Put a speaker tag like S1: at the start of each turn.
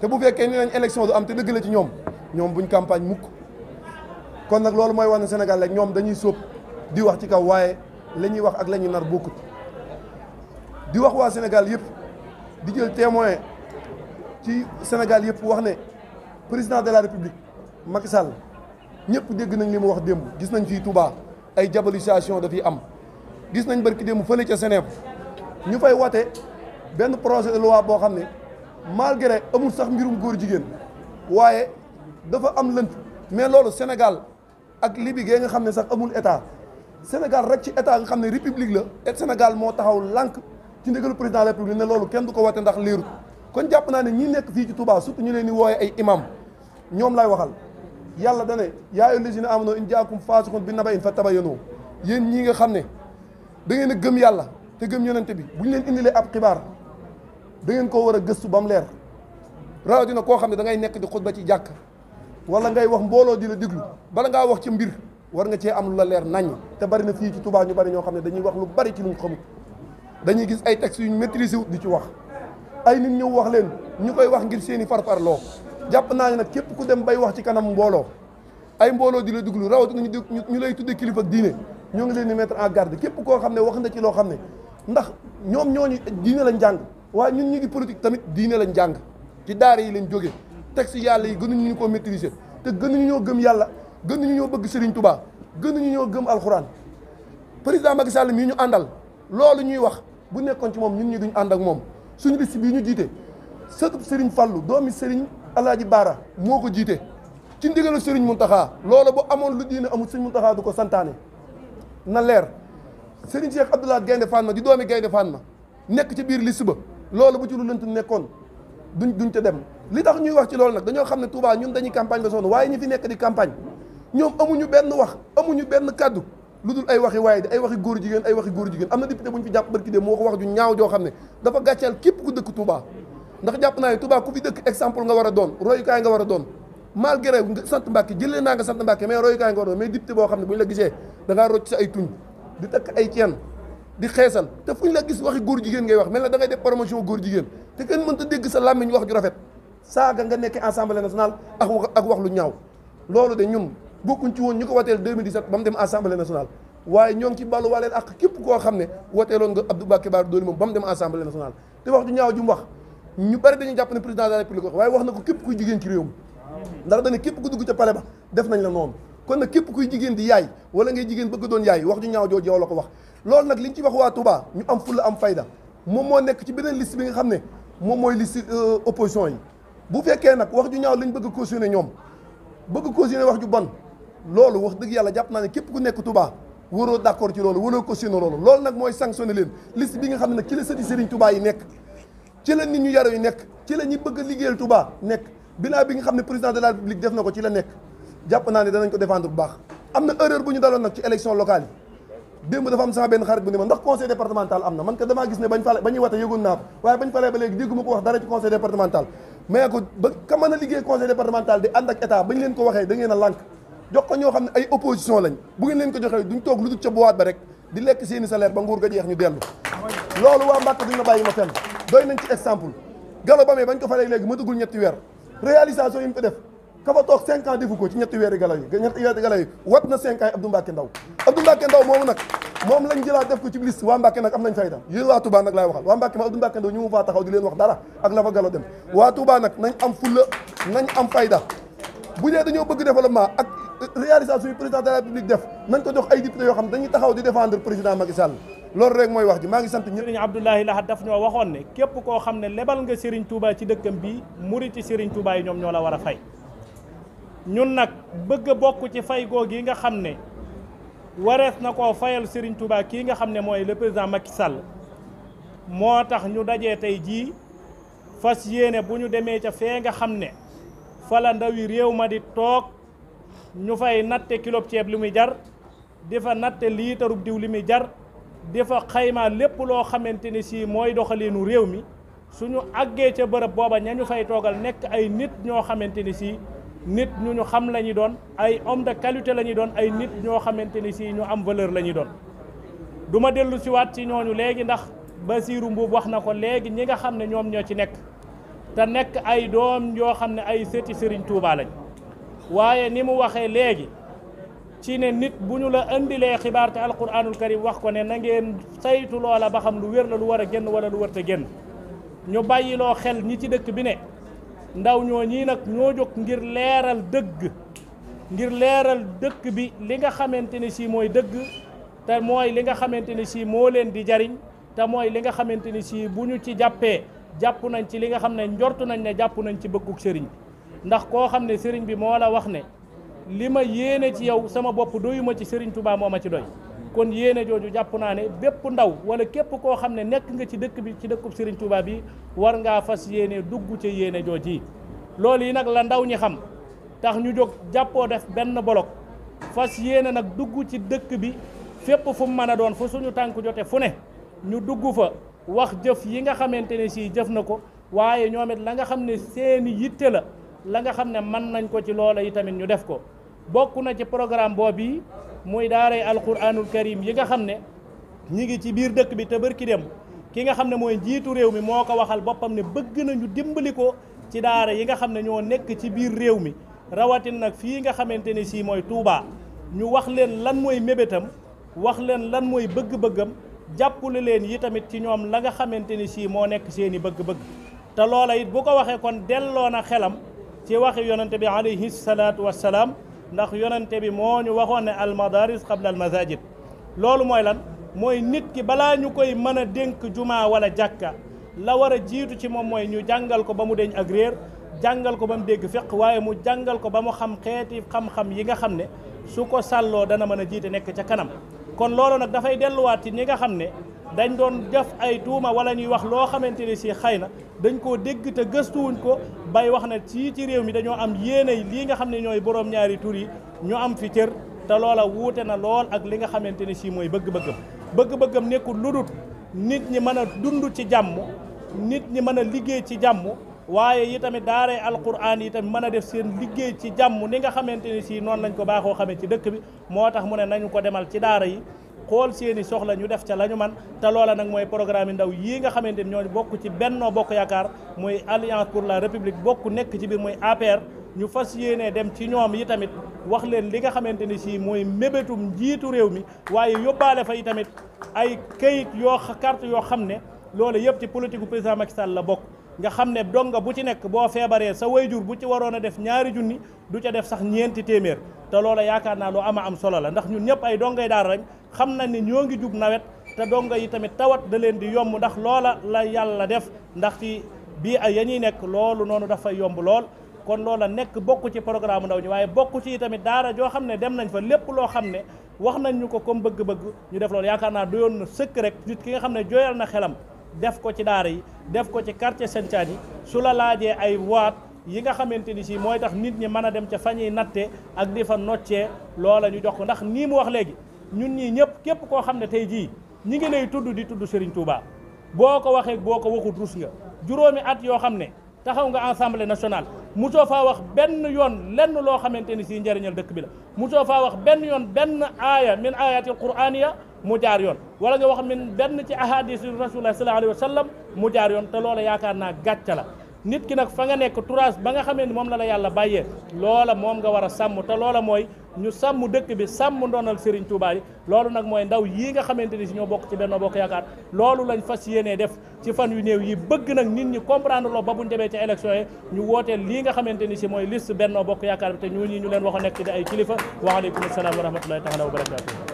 S1: te bu fekkee ni nañ élection du am te dëgg la ci ñoom ñoom buñ campagne mukk kon nag loolu mooy wax wane Sénégal rek ñoom dañuy sóob di wax ci kaw waaye lañuy wax ak lañuy ñuy nar bokkut di wax waa Sénégal yëpp di jël témoin ci Sénégal yëpp wax ne président de la République Macky Sall ñëpp dégg nañ li mu wax démb gis nañ fii Touba ay diabolisation dafiy am gis nañ barki démb fële ca Sénégal ñu fay wate benn projet de loi boo xam ne malgré amul sax mbirum góor jigéen waaye dafa am lënt mais loolu Sénégal ak Libye gee nga xam ne sax amul état Sénégal rek ci état nga xam ne république la et Sénégal moo taxaw lank ci ndigalu président de la république ne loolu kenn du ko wate ndax liirut kon jàpp naa ne ñi nekk fii ci Touba surtout ñu leen di wooye ay imam ñoom lay waxal yàlla dane yaa ayyuhal lazina amanu in jaakum faasiqun bi naba'in fatabayyanu yéen ñii nga xam ne da ngeen a gëm yàlla te gëm yonente bi bu ñu leen indilee ab xibaar da ngeen koo war a gëstu ba mu leer rawadina koo xam ne da ngay nekk di xutba ci jàkk wala ngay wax mbooloo di la diglu bala ngaa wax ci mbir war nga cee am lu la leer naññ te bari na fii ci tubaa ñu bari ñoo xam ne dañuy wax lu bari ci luñ xamut dañuy gis ay textes yu ñu maîtrisé di ci wax ay nit ñëw wax leen ñu koy wax ngir seen i farfarloo jàpp naa ne nag képp ku dem bay wax ci kanam mbooloo ay mbooloo di la diglu rawatina ñu ñu lay tuddee kilifa ak ñoo ngi leen di en garde képp koo xam ne wax na ci loo xam ne ndax ñoom ñooñu diine lañ jàng waaye ñun ñu ngi politique tamit diine lañ jàng ci daara yi lañ jógee texte yàlla yi gënuñu ñu ko maîtriser te gënuñu ñoo gëm yàlla gënuñu ñoo bëgg Serigne Touba gënuñu ñoo gëm alxuraan président Macky Sall mii ñu àndal loolu ñuy wax bu nekkoon ci moom ñun ñu duñ ànd ak moom suñu liste bii ñu jiite sëtub Serigne Fallou doomi Serigne Alaaji Baara moo ko jiite ci ndigalu Serigne Mountakha loolu bu amoon lu diine amul Serigne Mountakha du ko santaane na leer Serigne Cheikh Abdoulaye Gaynde Fatma di doomi Gaynde Fatma nekk ci biir liste ba loolu bu ci lu lënt nekkoon duñ duñ te dem li tax ñuy wax ci loolu nag dañoo xam ne Touba ñun dañuy campagne ba sonn waaye ñi fi nekk di campagne ñoom amuñu benn wax amuñu benn kàddu lu dul ay waxi waaye di ay waxi góor jigéen ay waxi góor am na député bu ñu fi jàpp barki de moo ko wax ju ñaaw joo xam ne dafa gàcceel képp ku dëkk Touba ndax jàpp naa ne Touba ku fi dëkk exemple nga war a doon royukaay nga war a doon malgré sant Mbàkke jëlee naa nga sant Mbàkke mais royukaay nga war mais député boo xam ne bu ñu la gisee da ay tuñ di takk ay ceen di xeesal te fu ñu la gis waxi góor jigéen ngay wax mel na da ngay def promotion góor jigéen te kenn mënta dégg sa làmmiñ wax ju rafet saaga nga nekk assemblée nationale ak ak wax lu ñaaw loolu de ñun bokkuñ ci woon ñu ko wateel 2017 ba mu dem assemblée nationale waaye ñoo ngi ci bàllu waleel ak képp koo xam ne wateeloon nga Abdou Bakary Bara Dolly moom ba mu dem assemblée nationale te wax ju ñaaw ju wax ñu bari dañuy jàpp président de la république waaye wax na ko képp kuy jigéen ci réew mi ndax dañu képp ku nañ la kon nag képp kuy jigéen di yaay wala ngay jigéen bëgg doon yaay wax ju ñaaw jooju yow la ko wax loolu nag li ñu ci wax waa Touba ñu am fulla am fayda moom moo nekk ci beneen liste bi nga xam ne moom mooy liste euh, opposition yi bu fekkee nag wax ju ñaaw ñu bëgg a cautionné ñoom bëgg cautionné wax ju bon loolu wax dëgg yàlla jàpp naa ne képp ku nekk Touba waroo d'accord ci loolu waroo cautionné loolu loolu nag mooy sanctionné leen liste bi nga xam ne nag ci la sëti Serigne Touba yi nekk ci la nit ñu yaru yi nekk ci la ñuy bëgg a liggéeyal Touba nekk bilan nga xam ne président de la def na ko ci la nekk jàpp naa ne danañ ko bu baax am na erreur bu ñu daloon nag ci élection locale yi démb dafa am sama benn xarit bu ne ma ndax conseil départemental am na man ko damaa gis ne bañ fale ba ñuy wate yëgoon naa ko waaye bañ falee ba léegi dégguma ko wax dara ci conseil départemental mais ko ba ka mën a liggéey conseil départemental di ànd ak état ba leen ko waxee da ngeen a lànk jox ko ñoo xam ne ay opposition lañ bu ngeen leen ko joxee duñ toog lu dul ca boîte ba rek di lekk seeni salaire ba nguur ga ñu dellu loolu waa moom lañ jëlaat def ko ci liste waa Mbàkke nag am nañ fayda yéen waa Touba nag laay waxal waa Mbàkke ma Abdou Mbàkke Ndaw ñu mu faa taxaw di leen wax dara ak la fa galo dem waa Touba nag nañ am fulla nañ am fayda bu dee dañoo bëgg développement ak réalisation yi président de la République def nañ ko jox ay député yoo xam dañuy taxaw di défendre président Macky Sall loolu rek mooy wax ji maa ngi sant ñëpp Serigne Abdoulaye Lahad daf ñoo waxoon ne képp koo xam ne lebal nga Serigne Touba
S2: ci dëkkam bii muri ci Serigne Touba yi ñoom ñoo la war a fay ñun nag bëgg a bokk ci fay googu nga xam ne warees na koo fayal Serigne Touba kii nga xam ne mooy le président Macky Sall moo tax ñu dajee tey jii fas yéene bu ñu demee ca fee nga xam ne fala ndawi réew ma di toog ñu fay natte kilo ceeb lu muy jar di fa natte liitarub diw li muy jar di fa xayma lépp loo xamante ni si mooy doxaliinu réew mi suñu àggee ca bërëb booba ña ñu fay toogal nekk ay nit ñoo xamante ni si nit ñu ñu xam lañuy doon ay homme de qualité lañuy doon ay nit ñoo xamante ni sii ñu am valeur la ñuy doon duma dellu siwaat ci ñooñu léegi ndax Basiiru Mbuub wax na ko léegi ñi nga xam ne ñoom ñoo ci nekk te nekk ay doom yoo xam ne ay sëti Sëriñ Tuubaa lañ waaye ni mu waxee léegi ci ne nit bu ñu la indilee xibaar te alquranul karim wax ko ne na ngeen saytu loola ba xam lu wér la lu war a génn wala lu wër te génn ñu bàyyiloo xel ñi ci dëkk bi ne ndaw ñoo ñii nag ñoo jóg ngir leeral dëgg ngir leeral dëkk bi li nga xamante ne sii mooy dëgg te mooy li nga xamante ne sii moo leen di jariñ te mooy li nga xamante ne si bu ñu ci jàppee jàpp nañ ci li nga xam ne njortu nañ ne jàpp nañ ci bëgguk sëriñ bi ndax koo xam ne sëriñ bi moo la wax ne li ma yéene ci yow sama bopp doyuma ci sëriñ Tuubaa moo ma ci doy kon yéene jooju jàpp naa ne bépp ndaw wala képp koo xam ne nekk nga ci dëkk bi ci dëkkub sëriñ Touba bi war ngaa fas yéene dugg ca yéene jooju yi loolu yi nag la ndaw ñi xam tax ñu jóg jàppoo def benn bolok fas yéene nag dugg ci dëkk bi fépp fu mën a doon fu suñu tànk jote fu ne ñu dugg fa wax jëf yi nga xamante ne sii jëf na ko waaye ñoom la nga xam ne seeni yitte la la nga xam ne mën nañ ko ci loola yi tamit ñu def ko bokk na ci programme boobu muy daaray alquranul karim yi nga xam ne ñi ngi ci biir dëkk bi te bërki dem ki nga xam ne mooy njiitu réew mi moo ko waxal boppam ne bëgg nañu dimbali ko ci daara yi nga xam ne ñoo nekk ci biir réew mi rawatin nag fii nga xamante ne sii mooy Touba ñu wax leen lan mooy mébétam wax leen lan mooy bëgg-bëggam jàppale leen yi tamit ci ñoom la nga xamante ni sii moo nekk seeni bëgg-bëgg te loola it bu ko waxee kon delloo na xelam ci waxi yonante bi alayhi salaatu wassalaam ndax yonente bi moo ñu waxoon ne almadaris qabla almasajid loolu mooy lan mooy nit ki balaa ñu koy mën a dénk jumaa wala jàkka la war a jiitu ci moom mooy ñu jàngal ko ba mu deñ ak réer jàngal ko ba mu dégg feq waaye mu jàngal ko ba mu xam xeeti xam-xam yi nga xam ne su ko sàlloo dana mën a jiite nekk ca kanam kon loolu nag dafay delluwaat ci ñi nga xam ne dañ doon jaf ay tuuma wala ñuy wax loo xamante ne si xay na dañ koo dégg te gëstuwuñ ko bay wax na ci ci réew mi dañoo am yéene lii nga xam ne ñooy borom ñaari tur yi ñu am fi cër te loola wuute na lool ak li nga xamante ne sii mooy bëgg-bëggam bëgg-bëggam nekkul lu dul nit ñi mën a dund ci jàmm nit ñi mën a liggéey ci jàmm waaye yi tamit daaray alquran yi tamit mën a def seen liggéey ci jàmm ni nga xamante ne si noonu lañ ko baaxoo xamee ci dëkk bi moo tax mu ne nañu ko demal ci daara yi xool seeni soxla ñu def ca la ñu man te loola nag mooy programme ndaw yii nga xamante ni ñoo bokk ci Benno Bokk Yaakaar muy Alliance pour la République bokk nekk ci biir muy APR ñu fas yéenee dem ci ñoom yi tamit wax leen li nga xamante ni si mooy mébétum njiitu réew mi waaye yóbbaale fa yi tamit ay kayit yoo carte yoo xam ne loolu yëpp ci politique bu président Macky Sall la bokk nga xam ne donga bu ci nekk boo feebaree sa jur bu ci waroon a def ñaari junni du ca def sax ñeenti téeméer te loola yaakaar naa lu ama am solo la ndax ñun ñëpp ay dongay daara rek xam nañ ni ñoo ngi jub nawet te dongo yi tamit tawat da leen di yomb ndax loola la yàlla def ndax ci bii ay ya ñuy nekk loolu noonu dafa yomb lool kon loola nekk bokk ci programme ndaw ñi waaye bokk ci tamit daara joo xam ne dem nañ fa lépp loo xam ne wax nañ ñu ko comme bëgg-bëgg ñu def loolu yaakaar naa doyoon na sëkk rek nit ki nga xam ne jooyal na xelam def ko ci daara yi def ko ci quartier Senthiane yi su la laajee ay waat yi nga xamante ni si mooy tax nit ñi mën a dem ca fa ñuy natte ak di fa loola ñu jox ko ndax nii mu wax léegi ñun ñii ñëpp képp koo xam ne tey jii ñi ngi lay tudd di tudd Serigne Touba boo ko waxee boo ko waxut rus nga juróomi at yoo xam ne taxaw nga assemblée nationale musoo faa wax benn yoon lenn loo xamante ni si njariñal dëkk bi la musoo faa wax benn yoon benn aaya min ayatil quraniya mu jaar yoon wala nga wax min benn ci ahadis rasulullah sallallahu alayhi wa sallam mu jaar yoon te loola yaakaar naa gàcca la nit ki nag fa nga nekk turaas ba nga xamee ni moom la la yàlla bàyyee loola moom nga war a sàmm te loola mooy ñu sàmm dëkk bi sàmm ndonal Serigne Touba yi loolu nag mooy ndaw yii nga xamante ni si ñoo bokk ci Benno Bokk Yaakaar loolu lañ fas yéenee def ci fan yu néew yi bëgg nag nit ñi comprendre loo ba buñ demee ci élection yi ñu wooteel lii nga xamante ni si mooy liste Benno Bokk Yaakaar bi te ñoo ñii ñu leen a nekk di ay kilifa waaleykum salaam wa